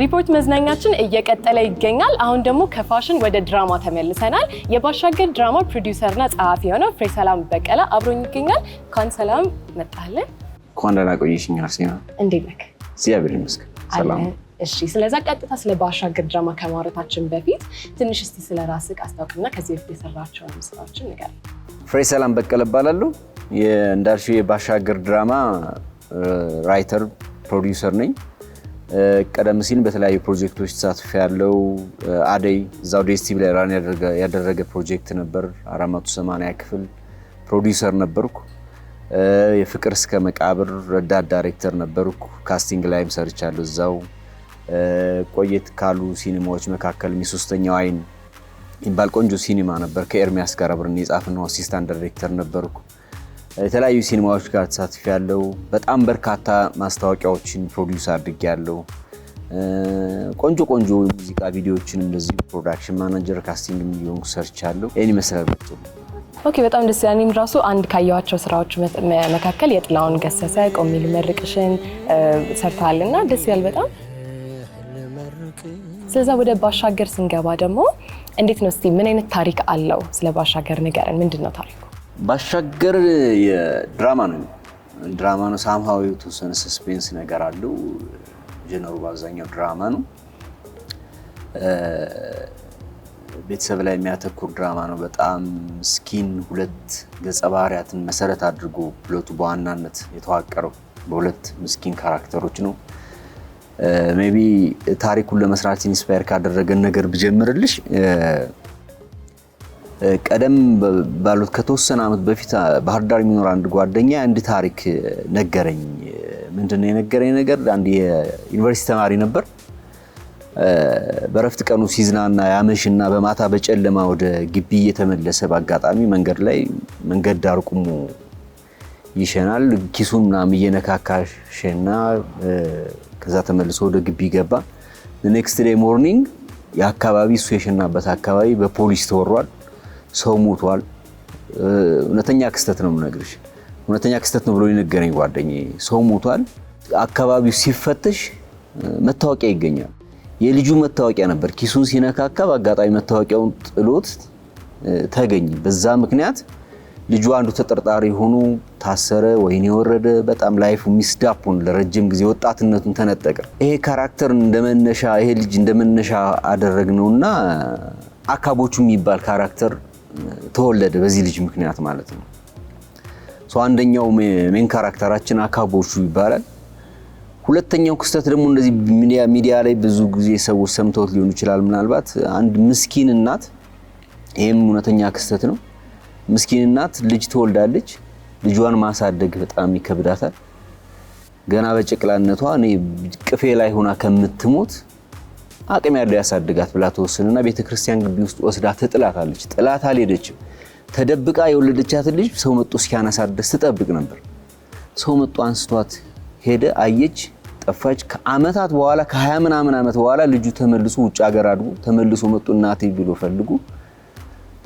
ሪፖርት መዝናኛችን እየቀጠለ ይገኛል። አሁን ደግሞ ከፋሽን ወደ ድራማ ተመልሰናል። የባሻገር ድራማ ፕሮዲውሰርና ጸሐፊ የሆነው ፍሬ ሰላም በቀለ አብሮኝ ይገኛል። እንኳን ሰላም መጣለን። እንኳን ደህና ቆየሽኝ አርሴና። እንዴት ነህ? እግዚአብሔር ይመስገን ሰላም። እሺ፣ ስለዛ ቀጥታ ስለ ባሻገር ድራማ ከማውራታችን በፊት ትንሽ እስቲ ስለ ራስህ አስታውቅና ከዚህ በፊት የሰራቸውን ስራዎችን ንገረን። ፍሬ ሰላም በቀለ እባላለሁ። እንዳልሽው የባሻገር ድራማ ራይተር ፕሮዲውሰር ነኝ። ቀደም ሲል በተለያዩ ፕሮጀክቶች ተሳትፎ ያለው አደይ እዛው ዴስቲቪ ላይ ራን ያደረገ ፕሮጀክት ነበር። 480 ክፍል ፕሮዲውሰር ነበርኩ። የፍቅር እስከ መቃብር ረዳት ዳይሬክተር ነበርኩ። ካስቲንግ ላይም ሰርቻለሁ። እዛው ቆየት ካሉ ሲኒማዎች መካከል የሶስተኛው አይን የሚባል ቆንጆ ሲኒማ ነበር። ከኤርሚያስ ጋር አብረን የጻፍነው አሲስታንት ዳይሬክተር ነበርኩ። የተለያዩ ሲኒማዎች ጋር ተሳትፍ ያለው በጣም በርካታ ማስታወቂያዎችን ፕሮዲውስ አድርግ ያለው ቆንጆ ቆንጆ የሙዚቃ ቪዲዮዎችን እንደዚህ ፕሮዳክሽን ማናጀር ካስቲንግ የሚሆን ሰርች አለው ይህን ይመስላል። ኦኬ በጣም ደስ ይላል። እኔም ራሱ አንድ ካየኋቸው ስራዎች መካከል የጥላውን ገሰሰ ቆሚ ልመርቅሽን ሰርተሃል እና ደስ ይላል በጣም ስለዛ ወደ ባሻገር ስንገባ ደግሞ እንዴት ነው እስቲ ምን አይነት ታሪክ አለው ስለ ባሻገር ንገረን ምንድን ነው ታሪኩ ባሻገር የድራማ ነው። ድራማ ነው። ሳምሃዊ የተወሰነ ሰስፔንስ ነገር አለው። ጀነሩ በአብዛኛው ድራማ ነው። ቤተሰብ ላይ የሚያተኩር ድራማ ነው። በጣም ምስኪን ሁለት ገጸ ባህሪያትን መሰረት አድርጎ ፕሎቱ በዋናነት የተዋቀረው በሁለት ምስኪን ካራክተሮች ነው። ሜይ ቢ ታሪኩን ለመስራት ኢንስፓየር ካደረገን ነገር ብጀምርልሽ ቀደም ባሉት ከተወሰነ ዓመት በፊት ባህር ዳር የሚኖር አንድ ጓደኛ አንድ ታሪክ ነገረኝ። ምንድነው የነገረኝ ነገር? አንድ የዩኒቨርሲቲ ተማሪ ነበር። በረፍት ቀኑ ሲዝናና ያመሽና በማታ በጨለማ ወደ ግቢ እየተመለሰ በአጋጣሚ መንገድ ላይ መንገድ ዳር ቁሞ ይሸናል። ኪሱን ምናምን እየነካካሽና ከዛ ተመልሶ ወደ ግቢ ገባ። ኔክስት ዴይ ሞርኒንግ የአካባቢ እሱ የሸናበት አካባቢ በፖሊስ ተወሯል። ሰው ሞቷል። እውነተኛ ክስተት ነው የምነግርሽ፣ እውነተኛ ክስተት ነው ብሎ የነገረኝ ጓደኛዬ። ሰው ሞቷል። አካባቢው ሲፈተሽ መታወቂያ ይገኛል። የልጁ መታወቂያ ነበር። ኪሱን ሲነካካ በአጋጣሚ መታወቂያውን ጥሎት ተገኘ። በዛ ምክንያት ልጁ አንዱ ተጠርጣሪ ሆኖ ታሰረ፣ ወይን የወረደ በጣም ላይፍ ሚስዳፑን ለረጅም ጊዜ ወጣትነቱን ተነጠቀ። ይሄ ካራክተር እንደመነሻ ይሄ ልጅ እንደመነሻ አደረግነውና አካቦቹ የሚባል ካራክተር ተወለደ በዚህ ልጅ ምክንያት ማለት ነው። አንደኛው ሜን ካራክተራችን አካቦሹ ይባላል። ሁለተኛው ክስተት ደግሞ እንደዚህ ሚዲያ ላይ ብዙ ጊዜ ሰዎች ሰምተውት ሊሆኑ ይችላል። ምናልባት አንድ ምስኪን እናት፣ ይህም እውነተኛ ክስተት ነው። ምስኪን እናት ልጅ ትወልዳለች። ልጇን ማሳደግ በጣም ይከብዳታል። ገና በጨቅላነቷ እኔ ቅፌ ላይ ሆና ከምትሞት አቅም ያለው ያሳድጋት ብላ ተወስንና ቤተ ክርስቲያን ግቢ ውስጥ ወስዳ ትጥላታለች። ጥላት አልሄደችም። ተደብቃ የወለደቻትን ልጅ ሰው መጥቶ እስኪያነሳት ድረስ ትጠብቅ ነበር። ሰው መጥቶ አንስቷት ሄደ። አየች፣ ጠፋች። ከአመታት በኋላ ከሀያ ምናምን ዓመት በኋላ ልጁ ተመልሶ ውጭ ሀገር አድጎ ተመልሶ መጡ እናቴ ብሎ ፈልጉ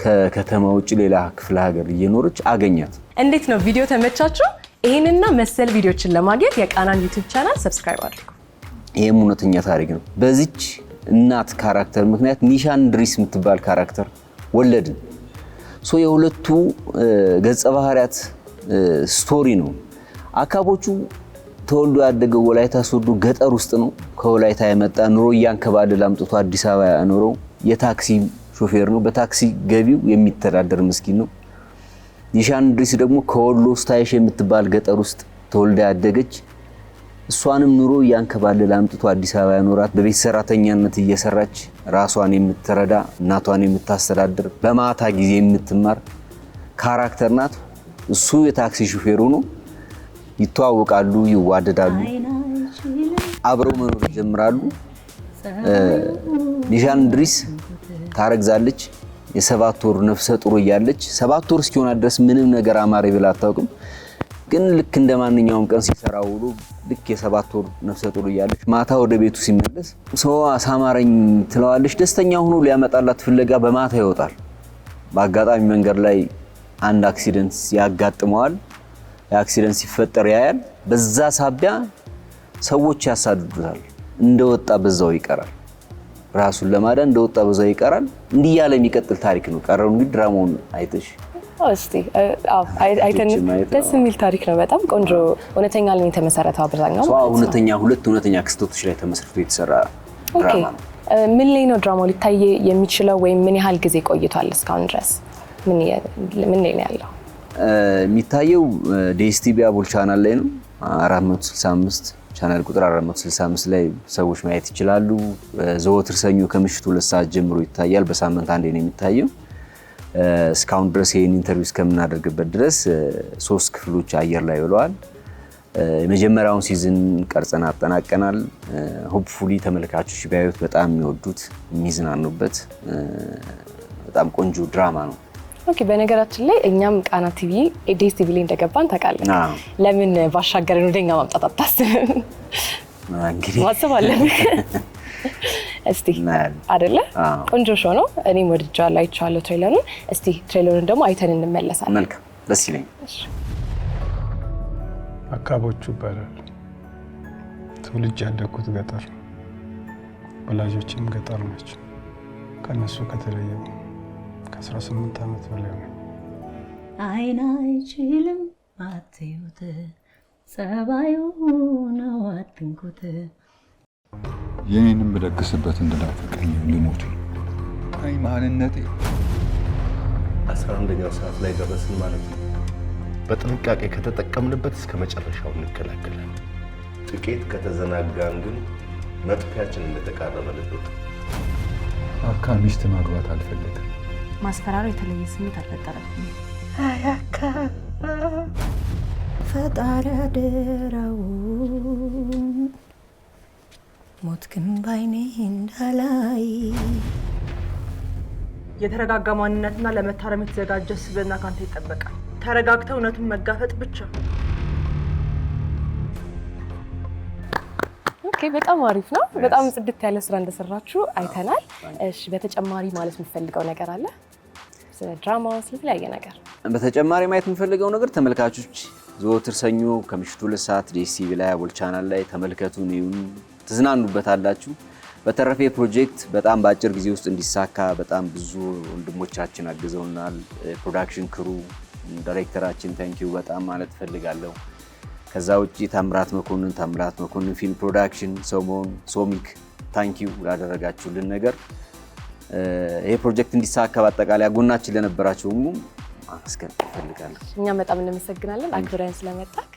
ከከተማ ውጭ ሌላ ክፍለ ሀገር እየኖረች አገኛት። እንዴት ነው ቪዲዮ ተመቻችሁ? ይህንና መሰል ቪዲዮችን ለማግኘት የቃናን ዩቱብ ቻናል ሰብስክራይብ አድርጉ። ይህም እውነተኛ ታሪክ ነው። በዚች እናት ካራክተር ምክንያት ኒሻን ድሪስ የምትባል ካራክተር ወለድን። ሶ የሁለቱ ገጸ ባህሪያት ስቶሪ ነው። አካቦቹ ተወልዶ ያደገው ወላይታ ሶዶ ገጠር ውስጥ ነው። ከወላይታ የመጣ ኑሮ እያንከባለለ አምጥቶ አዲስ አበባ ያኖረው የታክሲ ሾፌር ነው። በታክሲ ገቢው የሚተዳደር ምስኪን ነው። ኒሻን ድሪስ ደግሞ ከወሎ ስታይሽ የምትባል ገጠር ውስጥ ተወልዳ ያደገች እሷንም ኑሮ እያንከባለለ አምጥቶ አዲስ አበባ ያኖራት በቤት ሰራተኛነት እየሰራች ራሷን የምትረዳ እናቷን የምታስተዳድር በማታ ጊዜ የምትማር ካራክተር ናት። እሱ የታክሲ ሹፌሩ ነው። ይተዋወቃሉ፣ ይዋደዳሉ፣ አብረው መኖር ይጀምራሉ። ኒሻን ድሪስ ታረግዛለች። የሰባት ወር ነፍሰ ጡር እያለች ሰባት ወር እስኪሆና ድረስ ምንም ነገር አማሪ ብላ አታውቅም። ግን ልክ እንደ ማንኛውም ቀን ሲሰራ ውሎ ልክ የሰባት ወር ነፍሰ ጡር እያለች ማታ ወደ ቤቱ ሲመለስ ሰው አሳማረኝ ትለዋለች። ደስተኛ ሆኖ ሊያመጣላት ፍለጋ በማታ ይወጣል። በአጋጣሚ መንገድ ላይ አንድ አክሲደንት ያጋጥመዋል። የአክሲደንት ሲፈጠር ያያል። በዛ ሳቢያ ሰዎች ያሳድዱታል። እንደወጣ በዛው ይቀራል። ራሱን ለማዳን እንደወጣ በዛው ይቀራል። እንዲህ ያለ የሚቀጥል ታሪክ ነው። ቀረውን እንግዲህ ድራማውን አይተሽ እስቲ አይተን ደስ የሚል ታሪክ ነው። በጣም ቆንጆ እውነተኛ ላይ የተመሰረተው አብዛኛው እውነተኛ ሁለት እውነተኛ ክስተቶች ላይ ተመስርቶ የተሰራ ድራማ ነው። ምን ላይ ነው ድራማው ሊታይ የሚችለው ወይም ምን ያህል ጊዜ ቆይቷል? እስካሁን ድረስ ምን ላይ ነው ያለው? የሚታየው ዲኤስቲቪ አቦል ቻናል ላይ ነው። 465 ቻናል ቁጥር 465 ላይ ሰዎች ማየት ይችላሉ። ዘወትር ሰኞ ከምሽቱ ሁለት ሰዓት ጀምሮ ይታያል። በሳምንት አንዴ ነው የሚታየው። እስካሁን ድረስ ይህን ኢንተርቪው እስከምናደርግበት ድረስ ሶስት ክፍሎች አየር ላይ ብለዋል። የመጀመሪያውን ሲዝን ቀርጸን አጠናቀናል። ሆፕፉሊ ተመልካቾች ቢያዩት በጣም የሚወዱት የሚዝናኑበት በጣም ቆንጆ ድራማ ነው። ኦኬ፣ በነገራችን ላይ እኛም ቃና ቲቪ ዴስ ቲቪ ላይ እንደገባን ታውቃለን። ለምን ባሻገረን ወደኛ ማምጣት አታስብም? እንግዲህ ማሰብ አለብን እስቲ አደለ ቆንጆ ሾ ነው። እኔም ወድጃለሁ፣ አይቼዋለሁ ትሬለሩን። እስቲ ትሬለሩን ደግሞ አይተን እንመለሳለን። መልካም፣ ደስ ይለኝ። አካቦቹ ይባላል። ትውልጅ ያደግኩት ገጠር፣ ወላጆችም ገጠር ናቸው። ከእነሱ ከተለየ ከ18 ዓመት በላይ ነው። አይን አይችልም አትዩት፣ ጸባዩ ነው አትንኩት የኔንም ብለግስበት እንደናፈቀኝ ልሞቱ አይ ማንነቴ። አስራ አንደኛው ሰዓት ላይ ደረስን ማለት ነው። በጥንቃቄ ከተጠቀምንበት እስከ መጨረሻው እንከላከላል። ጥቂት ከተዘናጋን ግን መጥፊያችን እንደተቃረበ ልበት አካ ሚስት ማግባት አልፈለግም። ማስፈራሩ የተለየ ስሜት አልፈጠረም። አያካ ፈጣሪ አደራ ሞት ግን ባይኔ እንዳላይ የተረጋጋ ማንነትና ለመታረም የተዘጋጀ ስብዕና ካንተ ይጠበቃል። ተረጋግተው እውነቱን መጋፈጥ ብቻ። ኦኬ፣ በጣም አሪፍ ነው። በጣም ጽድት ያለ ስራ እንደሰራችሁ አይተናል። እሺ፣ በተጨማሪ ማለት የምፈልገው ነገር አለ ስለ ድራማ፣ ስለተለያየ ነገር። በተጨማሪ ማየት የምፈልገው ነገር ተመልካቾች ዘወትር ሰኞ ከምሽቱ ሁለት ሰዓት ላይ አቦል ቻናል ላይ ይሁን። ትዝናኑበታላችሁ። በተረፈ ፕሮጀክት በጣም በአጭር ጊዜ ውስጥ እንዲሳካ በጣም ብዙ ወንድሞቻችን አግዘውናል። ፕሮዳክሽን ክሩ፣ ዳይሬክተራችን ታንኪዩ በጣም ማለት እፈልጋለሁ። ከዛ ውጭ ታምራት መኮንን ታምራት መኮንን ፊልም ፕሮዳክሽን፣ ሰሞን ሶሚክ ታንኪዩ ላደረጋችሁልን ነገር ይሄ ፕሮጀክት እንዲሳካ በአጠቃላይ ጎናችን ለነበራቸው ሁሉ ማመስገን እፈልጋለሁ። እኛም በጣም እናመሰግናለን አክብረን ስለመጣ